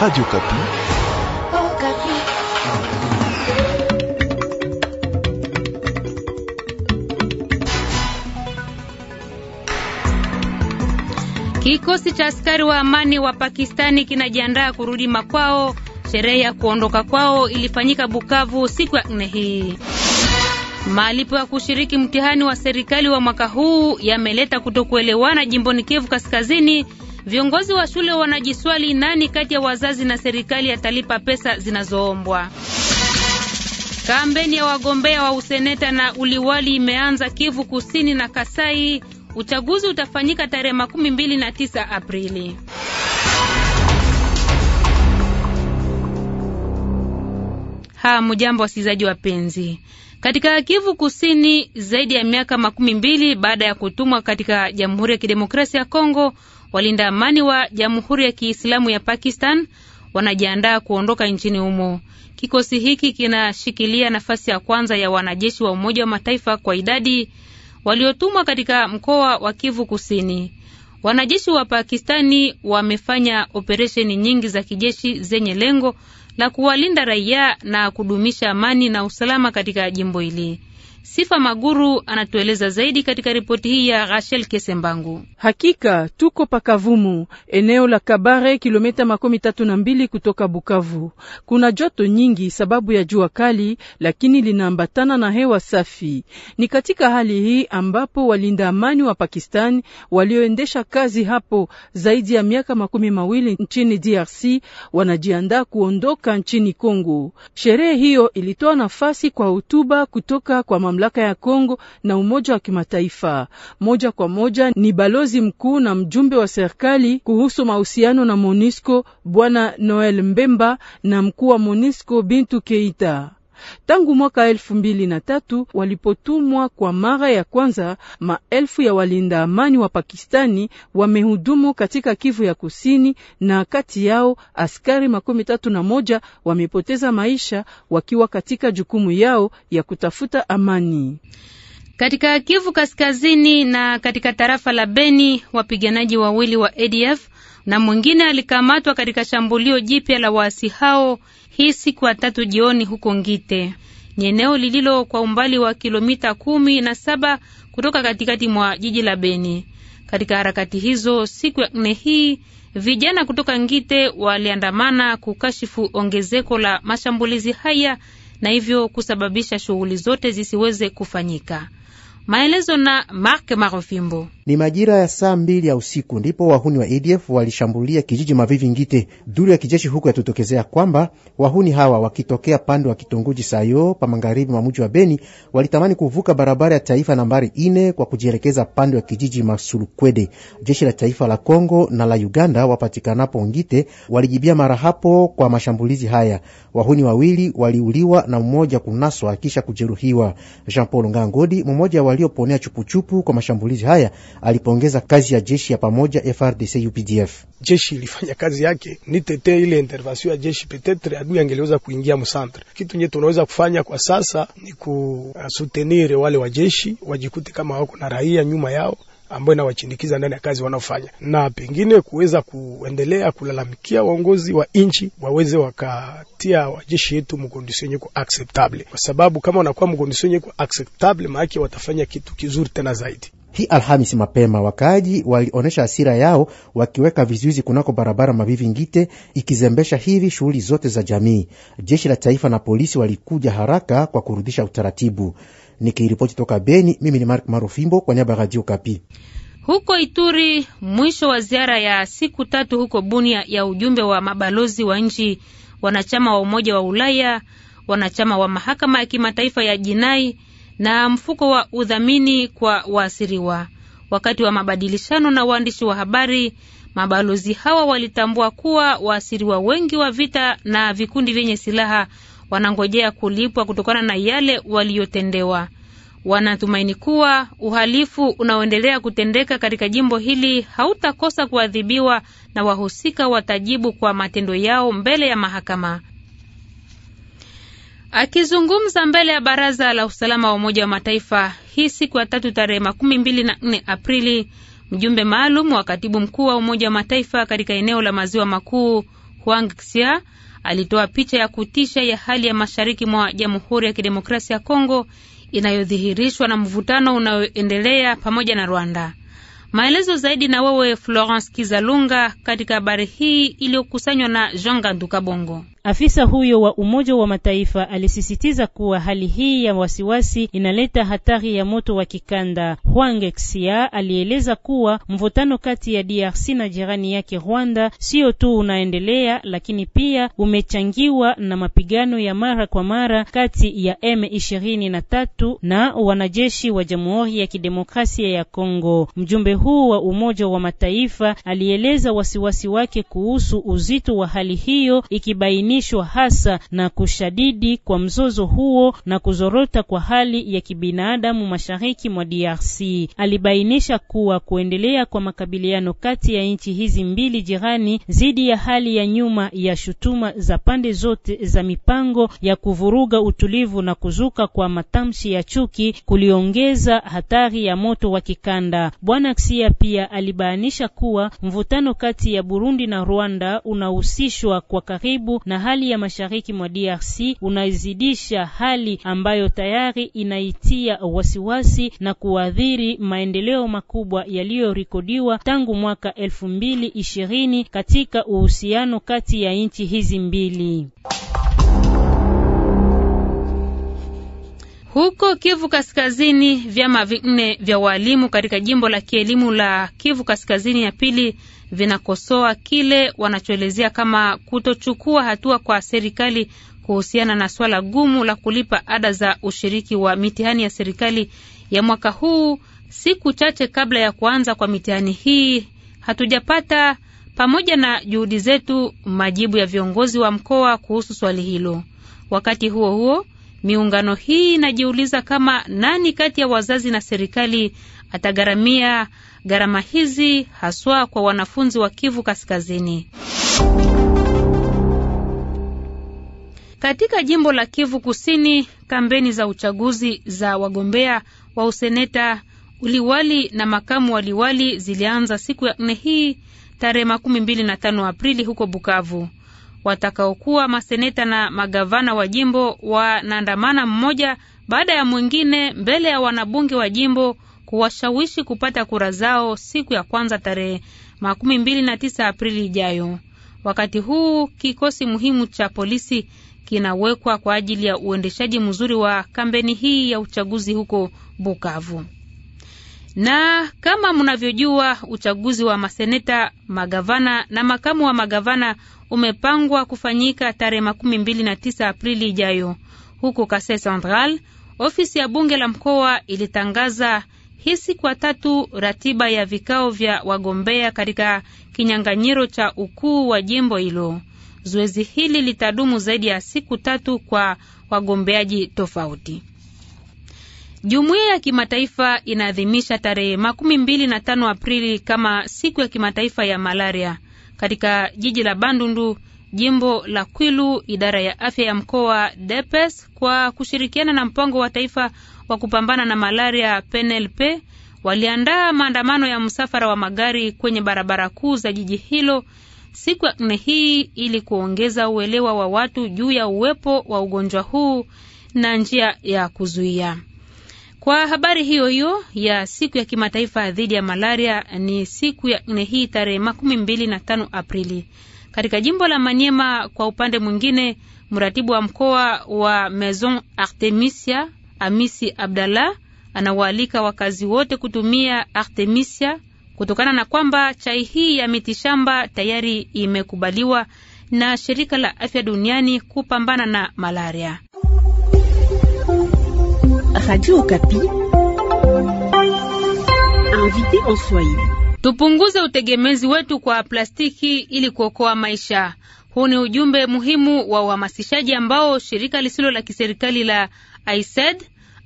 Radio Kapi. Oh, Kapi. Kikosi cha askari wa amani wa Pakistani kinajiandaa kurudi makwao. Sherehe ya kuondoka kwao ilifanyika Bukavu siku ya nne hii. Malipo ya kushiriki mtihani wa serikali wa mwaka huu yameleta kutokuelewana jimboni Kivu Kaskazini Viongozi wa shule wanajiswali nani kati ya wazazi na serikali atalipa pesa zinazoombwa. Kampeni ya wagombea wa useneta na uliwali imeanza Kivu Kusini na Kasai. Uchaguzi utafanyika tarehe makumi mbili na tisa Aprili. Hamujambo wasikilizaji wapenzi. Katika Kivu Kusini, zaidi ya miaka makumi mbili baada ya kutumwa katika Jamhuri ya Kidemokrasia ya Kongo, walinda amani wa Jamhuri ya Kiislamu ya Pakistan wanajiandaa kuondoka nchini humo. Kikosi hiki kinashikilia nafasi ya kwanza ya wanajeshi wa Umoja wa Mataifa kwa idadi waliotumwa katika mkoa wa Kivu Kusini. Wanajeshi wa Pakistani wamefanya operesheni nyingi za kijeshi zenye lengo la kuwalinda raia na kudumisha amani na usalama katika jimbo hili. Sifa Maguru anatueleza zaidi katika ripoti hii ya Rachel Kesembangu. Hakika tuko pakavumu, eneo la Kabare, kilomita makumi tatu na mbili kutoka Bukavu. Kuna joto nyingi sababu ya jua kali, lakini linaambatana na hewa safi. Ni katika hali hii ambapo walinda amani wa Pakistani walioendesha kazi hapo zaidi ya miaka makumi mawili nchini DRC wanajiandaa kuondoka nchini Kongo. Sherehe hiyo ilitoa nafasi kwa hotuba kutoka kwa mamlaka ya Kongo na Umoja wa Kimataifa. Moja kwa moja ni balozi mkuu na mjumbe wa serikali kuhusu mahusiano na MONUSCO Bwana Noel Mbemba na mkuu wa MONUSCO Bintu Keita. Tangu mwaka elfu mbili na tatu walipotumwa kwa mara ya kwanza, maelfu ya walinda amani wa Pakistani wamehudumu katika Kivu ya Kusini, na kati yao askari makumi tatu na moja wamepoteza maisha wakiwa katika jukumu yao ya kutafuta amani. Katika Kivu Kaskazini na katika tarafa la Beni, wapiganaji wawili wa ADF na mwingine alikamatwa katika shambulio jipya la waasi hao hii siku ya tatu jioni huko Ngite. Ni eneo lililo kwa umbali wa kilomita kumi na saba kutoka katikati mwa jiji la Beni. Katika harakati hizo, siku ya nne hii vijana kutoka Ngite waliandamana kukashifu ongezeko la mashambulizi haya na hivyo kusababisha shughuli zote zisiweze kufanyika. Maelezo na Mark Marofimbo. Ni majira ya saa mbili ya usiku ndipo wahuni wa ADF walishambulia kijiji Mavivi Ngite. Duru ya kijeshi huku yatutokezea kwamba wahuni hawa wakitokea pande wa kitongoji Sayo pa magharibi mwa mji wa Beni walitamani kuvuka barabara ya taifa nambari ine kwa kujielekeza pande wa kijiji Masulukwede. Jeshi la taifa la Kongo na la Uganda wapatikanapo Ngite walijibia mara hapo kwa mashambulizi haya. Wahuni wawili waliuliwa na mmoja kunaswa kisha kujeruhiwa. Jean Paul Ngangodi, mmoja walioponea chupuchupu kwa mashambulizi haya alipongeza kazi ya jeshi ya pamoja FRDC UPDF. Jeshi ilifanya kazi yake, ni tete ile intervention ya jeshi, petetre adui angeliweza kuingia msantre. Kitu nye tunaweza kufanya kwa sasa ni kusutenire uh, wale wa jeshi wajikute kama wako na raia nyuma yao ambayo inawachindikiza ndani ya kazi wanaofanya, na pengine kuweza kuendelea kulalamikia waongozi wa nchi waweze wakatia wajeshi yetu mkondisio nyeko acceptable, kwa sababu kama wanakuwa mkondisio nyeko acceptable, maana watafanya kitu kizuri tena zaidi. Hii Alhamisi mapema wakaaji walionyesha hasira yao wakiweka vizuizi kunako barabara Mavivi Ngite, ikizembesha hivi shughuli zote za jamii. Jeshi la taifa na polisi walikuja haraka kwa kurudisha utaratibu. Nikiripoti toka Beni, mimi ni Mark Marofimbo kwa niaba ya Radio Kapi. Huko Ituri, mwisho wa ziara ya siku tatu huko Bunia ya ujumbe wa mabalozi wa nchi wanachama wa Umoja wa Ulaya, wanachama wa Mahakama ya Kimataifa ya Jinai na mfuko wa udhamini kwa waasiriwa. Wakati wa mabadilishano na waandishi wa habari, mabalozi hawa walitambua kuwa waasiriwa wengi wa vita na vikundi vyenye silaha wanangojea kulipwa kutokana na yale waliyotendewa. Wanatumaini kuwa uhalifu unaoendelea kutendeka katika jimbo hili hautakosa kuadhibiwa na wahusika watajibu kwa matendo yao mbele ya mahakama. Akizungumza mbele ya baraza la usalama wa Umoja wa Mataifa hii siku ya tatu tarehe makumi mbili na nne Aprili, mjumbe maalum wa katibu mkuu wa Umoja wa Mataifa katika eneo la maziwa makuu Huang Xia alitoa picha ya kutisha ya hali ya mashariki mwa Jamhuri ya Kidemokrasia ya Kongo inayodhihirishwa na mvutano unayoendelea pamoja na Rwanda. Maelezo zaidi na wewe Florence Kizalunga katika habari hii iliyokusanywa na Jean Ganduka Bongo. Afisa huyo wa Umoja wa Mataifa alisisitiza kuwa hali hii ya wasiwasi inaleta hatari ya moto wa kikanda. Hwangexia alieleza kuwa mvutano kati ya DRC na jirani yake Rwanda sio tu unaendelea, lakini pia umechangiwa na mapigano ya mara kwa mara kati ya M23 na wanajeshi wa Jamhuri ya Kidemokrasia ya Kongo. Mjumbe huu wa Umoja wa Mataifa alieleza wasiwasi wake kuhusu uzito wa hali hiyo ikibaini kughadhabishwa hasa na kushadidi kwa mzozo huo na kuzorota kwa hali ya kibinadamu mashariki mwa DRC. Alibainisha kuwa kuendelea kwa makabiliano kati ya nchi hizi mbili jirani zidi ya hali ya nyuma ya shutuma za pande zote za mipango ya kuvuruga utulivu na kuzuka kwa matamshi ya chuki kuliongeza hatari ya moto wa kikanda. Bwana Xia pia alibainisha kuwa mvutano kati ya Burundi na Rwanda unahusishwa kwa karibu na hali ya mashariki mwa DRC unazidisha hali ambayo tayari inaitia wasiwasi na kuadhiri maendeleo makubwa yaliyorekodiwa tangu mwaka elfu mbili ishirini katika uhusiano kati ya nchi hizi mbili. Huko Kivu Kaskazini, vyama vinne vya walimu katika jimbo la kielimu la Kivu Kaskazini ya pili vinakosoa kile wanachoelezea kama kutochukua hatua kwa serikali kuhusiana na swala gumu la kulipa ada za ushiriki wa mitihani ya serikali ya mwaka huu. Siku chache kabla ya kuanza kwa mitihani hii, hatujapata pamoja na juhudi zetu majibu ya viongozi wa mkoa kuhusu swali hilo. Wakati huo huo, miungano hii inajiuliza kama nani kati ya wazazi na serikali atagharamia gharama hizi haswa kwa wanafunzi wa Kivu Kaskazini. Katika jimbo la Kivu Kusini, kampeni za uchaguzi za wagombea wa useneta, uliwali na makamu waliwali zilianza siku ya nne hii tarehe makumi mbili na tano Aprili huko Bukavu. Watakaokuwa maseneta na magavana wa jimbo wanaandamana mmoja baada ya mwingine mbele ya wanabunge wa jimbo kuwashawishi kupata kura zao siku ya kwanza tarehe makumi mbili na tisa Aprili ijayo. Wakati huu kikosi muhimu cha polisi kinawekwa kwa ajili ya uendeshaji mzuri wa kampeni hii ya uchaguzi huko Bukavu. Na kama mnavyojua, uchaguzi wa maseneta, magavana na makamu wa magavana umepangwa kufanyika tarehe makumi mbili na tisa Aprili ijayo huko Kasai Central. Ofisi ya bunge la mkoa ilitangaza hii siku ya tatu ratiba ya vikao vya wagombea katika kinyang'anyiro cha ukuu wa jimbo hilo. Zoezi hili litadumu zaidi ya siku tatu kwa wagombeaji tofauti. Jumuiya ya kimataifa inaadhimisha tarehe makumi mbili na tano Aprili kama siku ya kimataifa ya malaria. Katika jiji la Bandundu, jimbo la Kwilu, idara ya afya ya mkoa DEPES kwa kushirikiana na mpango wa taifa wa kupambana na malaria PNLP waliandaa maandamano ya msafara wa magari kwenye barabara kuu za jiji hilo siku ya nne hii ili kuongeza uelewa wa watu juu ya uwepo wa ugonjwa huu na njia ya kuzuia. Kwa habari hiyo hiyo ya siku ya kimataifa dhidi ya malaria, ni siku ya nne hii tarehe makumi mbili na tano Aprili katika jimbo la Maniema. Kwa upande mwingine, mratibu wa mkoa wa Maison Artemisia Amisi Abdallah anawaalika wakazi wote kutumia Artemisia kutokana na kwamba chai hii ya mitishamba tayari imekubaliwa na shirika la afya duniani kupambana na malaria. Tupunguze utegemezi wetu kwa plastiki ili kuokoa maisha. Huu ni ujumbe muhimu wa uhamasishaji ambao shirika lisilo la kiserikali la AICED,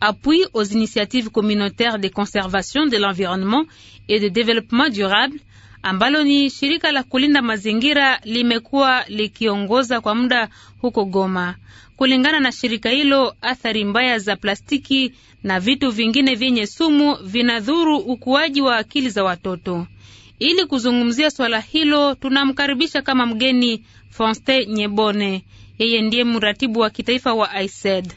appuie aux initiatives communautaires de conservation de l'environnement et de développement durable ambalo ni shirika la kulinda mazingira limekuwa likiongoza kwa muda huko Goma. Kulingana na shirika hilo, athari mbaya za plastiki na vitu vingine vyenye sumu vinadhuru ukuaji wa akili za watoto. Ili kuzungumzia swala hilo, tunamkaribisha kama mgeni Fonste Nyebone, yeye ndiye mratibu wa kitaifa wa ICED.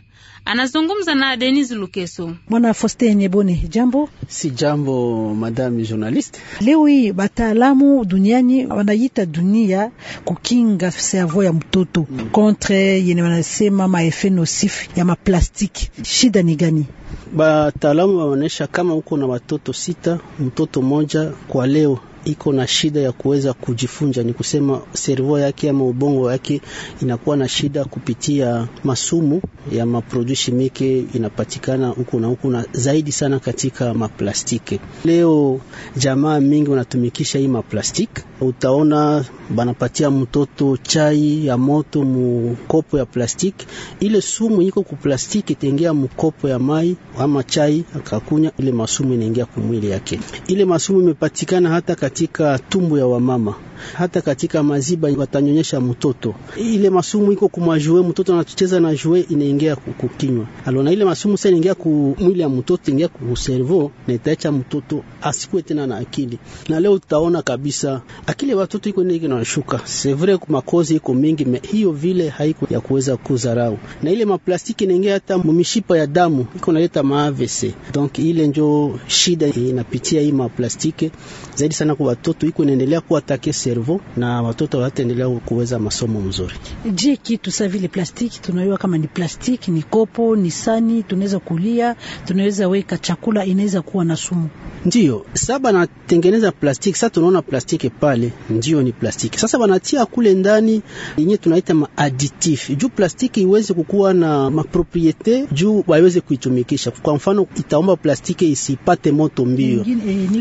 Anazungumza na Denis Lukeso. Mwana Foste Nyebone, jambo. Si jambo, madame journaliste. Leo hii bataalamu duniani wanaita dunia kukinga servo ya mtoto mm, kontre yene wanasema maefe nosif ya maplastiki. Shida ni gani? Bataalamu wanaonyesha kama uko na watoto sita, mtoto mmoja kwa leo iko na shida ya kuweza kujifunza, ni kusema servo yake ama ubongo wake inakuwa na shida kupitia masumu ya maproduit shimike inapatikana huku na huku, na zaidi sana katika maplastiki. Leo jamaa mingi wanatumikisha hii maplastiki, utaona banapatia mtoto chai ya moto mukopo ya plastiki, ile sumu iko kuplastiki tengea mukopo ya mai ama chai akakunya, ile masumu inaingia kumwili yake. Ile masumu imepatikana hata katika tumbo ya wamama, hata katika maziba watanyonyesha mtoto. Ile masumu iko kumajue, mtoto anacheza na jue, inaingia kukinywa. Alona ile masumu sasa inaingia kumwili ya mtoto, inaingia kuservo na itaacha mtoto asikue tena na akili. Na leo utaona kabisa akili ya watoto iko ndio inashuka. C'est vrai kwa makozi iko mingi, me hiyo vile haiko ya kuweza kuzarau. Na ile maplastiki inaingia hata mmishipa ya damu iko na inaleta maavc. Donc ile njo shida inapitia hii maplastiki zaidi sana kwa watoto, iko inaendelea kuwa kuatake servo na watoto wataendelea kuweza masomo mzuri. Je, kitu sa vile plastiki tunaiwa kama ni plastiki, ni kopo, ni sani, tunaweza kulia, tunaweza weka chakula, inaweza kuwa na sumu. Ndio saba natengeneza plastiki sasa, tunaona plastiki pale, ndio ni plastiki sasa, wanatia kule ndani yenye tunaita maaditif juu plastiki iweze kukuwa na mapropriete juu waweze kuitumikisha kuimarisha. Kwa mfano, itaomba plastiki isipate moto mbio eh,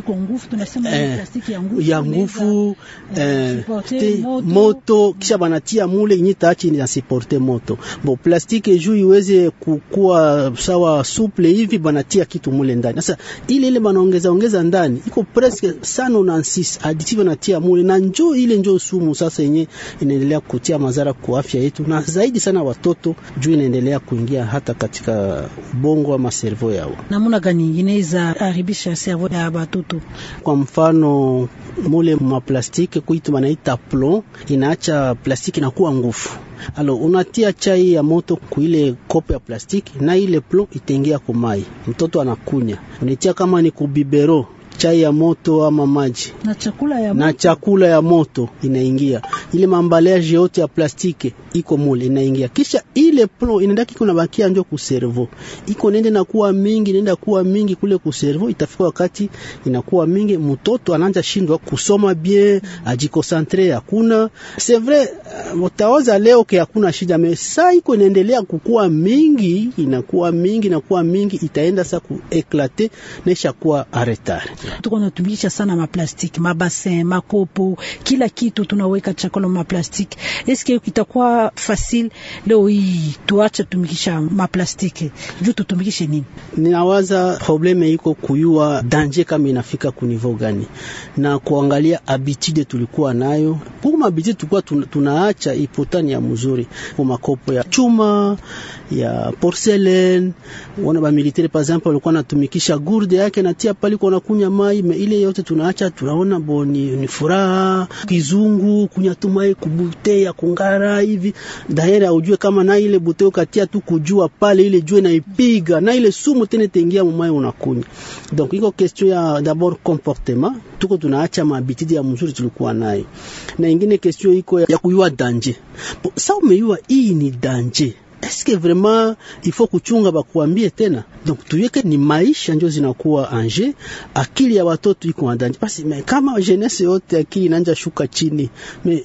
eh, ya nguvu eh, moto, kisha banatia mule yenye taachi na siporte moto bo plastiki juu iweze kukua sawa souple hivi, banatia kitu mule ndani. Sasa ile ile banaongeza ongeza ndani iko presque sano na six additive natia mule na njoo ile njoo sumu sasa yenye inaendelea kutia madhara kwa afya yetu na zaidi sana watoto juu inaendelea kuingia hata katika ubongo ama servo yao. Namuna gani nyingine haribisha servo ya batoto, kwa mfano mule maplastiki kuitu manaita plon, inaacha plastiki kuwa ngufu Alo, unatia chai ya moto kuile kopo ya plastiki na ile plon itengia kumai, mtoto anakunya. Unatia kama ni kubibero chai ya moto ama maji na chakula ya moto, na chakula ya moto inaingia ile mambalaje yote ya plastiki iko mule inaingia, kisha ile plon inaendaki kuna bakia njo servo iko nende na kuwa mingi nenda kuwa mingi kule ku servo. itafika wakati inakuwa mingi, mtoto anaanza shindwa kusoma bien, ajikonsentre hakuna. C'est vrai euh, utaoza leo ke hakuna shida, mais saa iko inaendelea kukua mingi, inakuwa mingi na kuwa mingi, itaenda sa ku eclater na isha kuwa aretare tuko natumisha sana maplastiki, mabasin, makopo, kila kitu tunaweka chakula maplastiki. Eske kitakuwa fasil leo hii tuache tumikisha maplastiki juu tutumikishe nini? Ninawaza probleme iko kuyua danje kama inafika kunivo gani na kuangalia habitude tulikuwa nayo kuma habitude tulikuwa tunaacha ipotani ya mzuri kwa makopo ya chuma ya porcelain. Wana ba militaire par exemple walikuwa natumikisha gourde yake natia pale kwa nakunya tumai ile yote tunaacha, tunaona bo ni ni furaha, kizungu kunya tumai kubute ya kungara hivi daire, ujue kama na ile bute ukatia tu kujua pale ile jue na ipiga na ile sumu tena tengia mumai unakunya. Donc iko question ya d'abord comportement, tuko tunaacha mabitidi ya mzuri tulikuwa naye, na ingine question iko ya kuyua danje. Sasa umeyua hii ni danje eske vraiment ifo kuchunga bakuambie tena donc tuyeke ni maisha njo zinakuwa anje, akili ya watoto iko ndani basi. Me kama jeunesse yote akili inanja shuka chini, me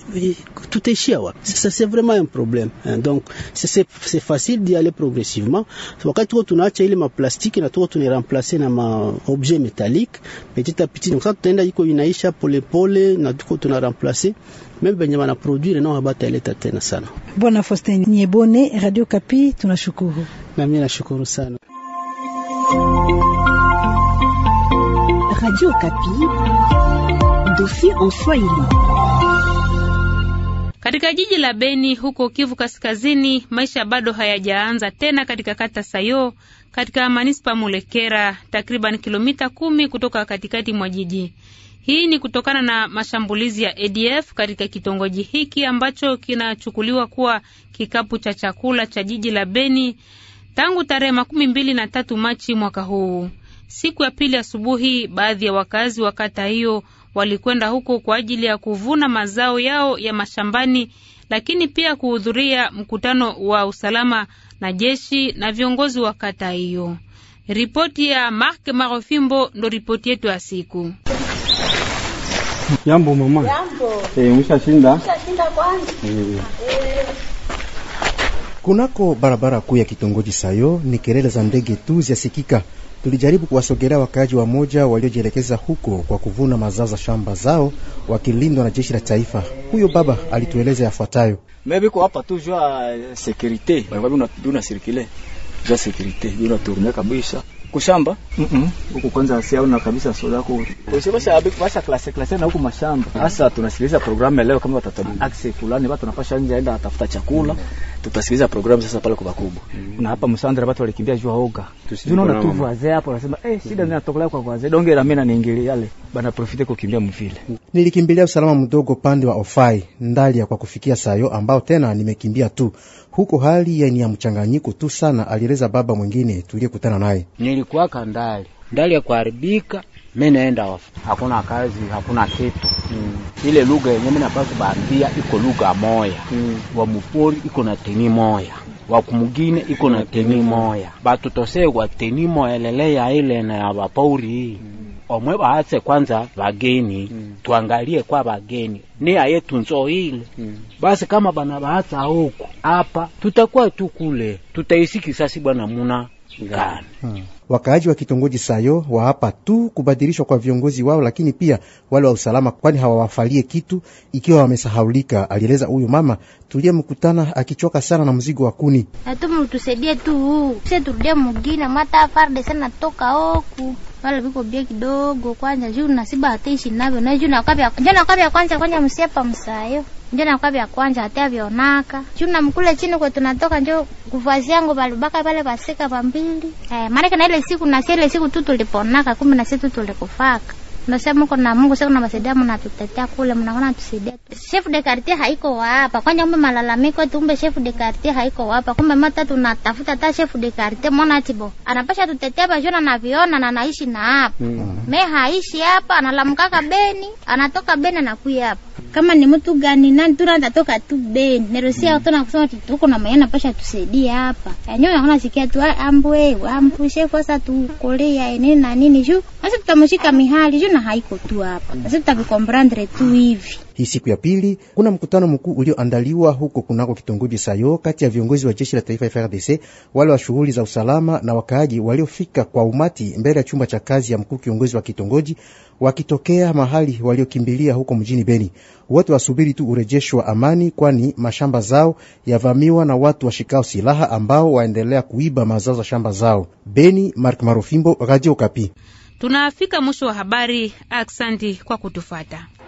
tutaishia wapi sasa? C'est vraiment un problème. Donc c'est c'est facile d'y aller progressivement. Wakati tunaacha ile ma plastique na tuko tuniremplacer na ma objet métallique petit à petit, donc ça tutaenda iko inaisha pole pole na tuko tunaremplacer meme venye wanaproduire nao habataleta tena sana. Bwana Faustin Nyebone, Radio Kapi, tunashukuru. Na mimi nashukuru sana Radio Kapi, dofi en Swahili. Katika jiji la Beni huko Kivu Kaskazini, maisha bado hayajaanza tena katika kata Sayo katika manispa Mulekera, takriban kilomita kumi kutoka katikati mwa jiji. Hii ni kutokana na mashambulizi ya ADF katika kitongoji hiki ambacho kinachukuliwa kuwa kikapu cha chakula cha jiji la Beni tangu tarehe makumi mbili na tatu Machi mwaka huu. Siku ya pili asubuhi, baadhi ya wakazi wa kata hiyo walikwenda huko kwa ajili ya kuvuna mazao yao ya mashambani, lakini pia kuhudhuria mkutano wa usalama na jeshi na viongozi wa kata hiyo. Ripoti ya Mark Marofimbo ndo ripoti yetu ya siku. Jambo mama. Jambo. Eh, umeshashinda? Umeshashinda kwanza. Eh. Kunako barabara kuu ya kitongoji Sayo ni kelele za ndege tu zyasikika. Tulijaribu kuwasogelea wakaaji wa moja waliojielekeza huko kwa kuvuna mazao za shamba zao wakilindwa na jeshi la taifa. Huyo baba alitueleza yafuatayo. Mimi kwa hapa tu jua eh, security. Bwana bwana tunasirikile. Jua security, bwana turne kabisa kushamba huku kwanza siaona kabisa sodako basa klase klase na huku mashamba hasa tunasikiliza programu leo, kama watatabu aksi fulani watu wanapasha nje aenda atafuta chakula mm -hmm tutasikiliza programu sasa pale kwa kubwa mm. na hapa msandra watu walikimbia jua oga tunaona tu vaze hapo, nasema eh, shida mm. ninatokelea kwa vaze donge la mimi na niingilia yale bana profite kukimbia mvile. Nilikimbilia usalama mdogo pande wa ofai ndali ya kwa kufikia sayo ambao tena nimekimbia tu huko, hali ya ni ya mchanganyiko tu sana, alieleza baba mwingine tuliyekutana naye. Nilikuwa kandali ndali ya kuharibika mi naenda off, hakuna kazi, hakuna kitu mm. Ile lugha yenye mi napaswa baambia iko lugha moya mm. Wamupori iko na teni moya wakumugine iko na teni moya kwa teni moya lele ya ile na ya wapauri mm. Omwe kwanza bageni mm. Tuangalie kwa bageni ni ayetu nzo ile mm. Basi kama bana baasa huku hapa tutakuwa tu kule tutaisikisasi bwana muna gani? Hmm. Wakaaji wa kitongoji Sayo waapa tu kubadilishwa kwa viongozi wao, lakini pia wale wa usalama, kwani hawawafalie kitu ikiwa wamesahaulika, alieleza huyu mama tuliyemkutana akichoka sana na mzigo wa kuni. Natuma utusaidie tu huu se turudie mugina mata farde sana toka oku wala viko bia kidogo kwanja juu nasiba hataishi navyo najuu juu nakapya kwanja kwanja msiepa msayo njo nakuwa vya kwanja atia vyonaka juu mkule chini kwa tunatoka njo kuvazi yangu palubaka pale pasika pambili eh, maana na ile siku na ile siku tu tuliponaka kumbe nasi tu tulikufaka nasema mko na Mungu sasa mnasaidia mnatutetea kule mnaona tusaidia chef de quartier haiko hapa kwanza mbe malalamiko tumbe chef de quartier haiko hapa kumbe mata tunatafuta ta chef de quartier mwana tibo anapasha tutetea bajona na viona na naishi na hapa mm. me haishi hapa analamkaka Beni anatoka Beni anakuja hapa kama ni mtu gani nani tu nanda toka tu Beni nerosia mm. tona kusema ati tuko na mayana pasha tusaidie hapa yanyo eh, yakuna sikia tu ah, ambwe wampushe kosa tu kolea ene na nini juu sasa tutamshika mihali juu na haiko tu hapa sasa tutakikomprendre tu hivi hii siku ya pili kuna mkutano mkuu ulioandaliwa huko kunako kitongoji Sayo kati ya viongozi wa jeshi la taifa FRDC, wale wa shughuli za usalama na wakaaji waliofika kwa umati mbele ya chumba cha kazi ya mkuu kiongozi wa kitongoji wakitokea mahali waliokimbilia huko mjini Beni. Wote wasubiri tu urejesho wa amani, kwani mashamba zao yavamiwa na watu washikao silaha ambao waendelea kuiba mazao za shamba zao. Beni, Mark Marofimbo, Radio Kapi. Tunafika mwisho wa habari. Aksanti kwa kutufata.